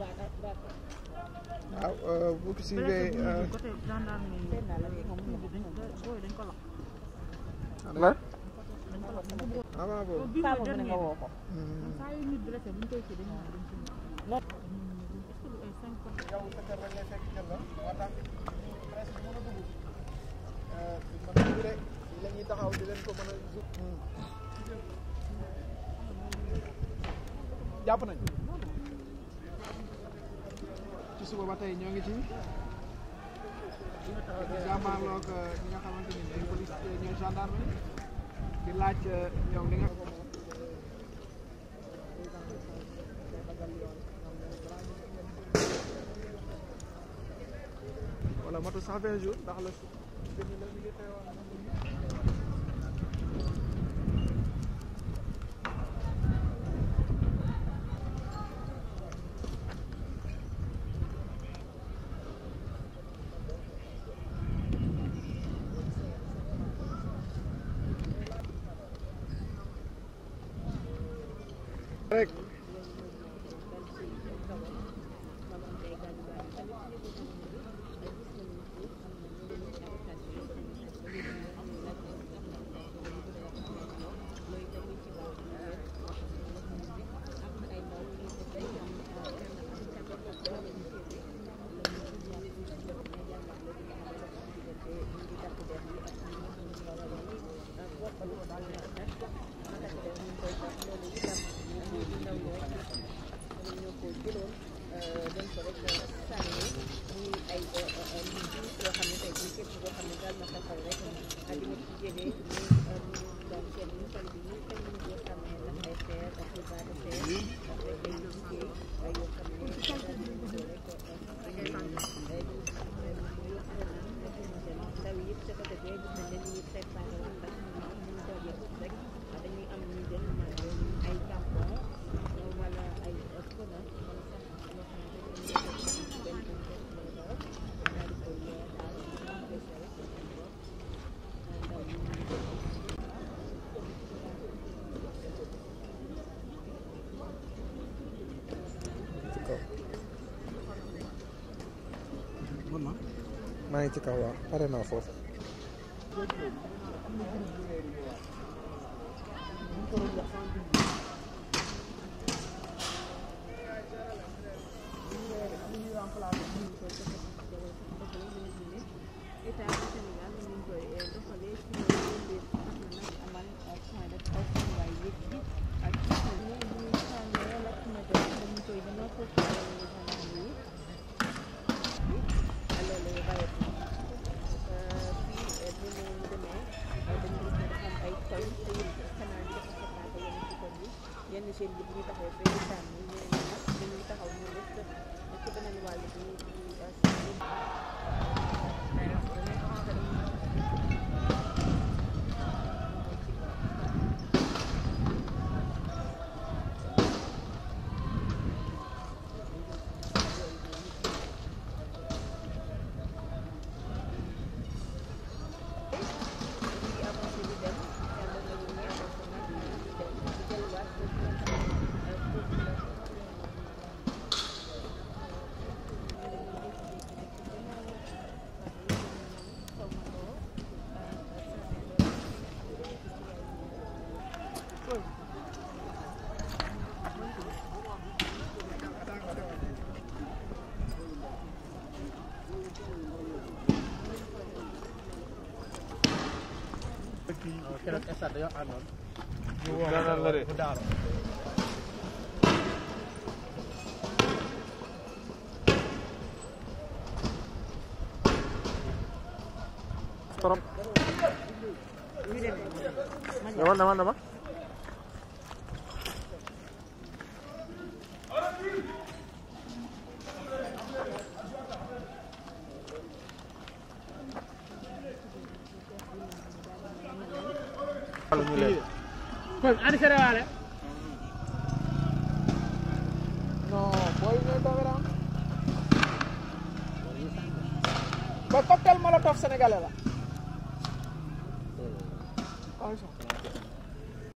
waaw euh, bu ko suivee. Euh, lan. avant boobu. jàpp nañu. ci suba ba tey ñoo ngi ci jàmbaarloog euh, ñi nga xamante ni ñooy police euh, ñooy gendarme di laaj ñoom euh, li nga wala matu 120 jours ndax la Correct. ko rek sànni muy ay jiw yoo xam ne tey jii képp koo xam ne daal moo ko xaw rek di nga ci jëlee muy donc seen ñu sol bi muy tey ñu yoo xam ne dafay seer ak xibaar seer ak ay liggéey maa ngi ci kaw waaw pare naa foofu. seen bi bu ñu keroog stade dañoo àndoon. ñu woo la bu daaro trop. dama dama dama. kon ani sere waale non boy ñooy dogaram ba cocktail molotov sénégalais la hmm.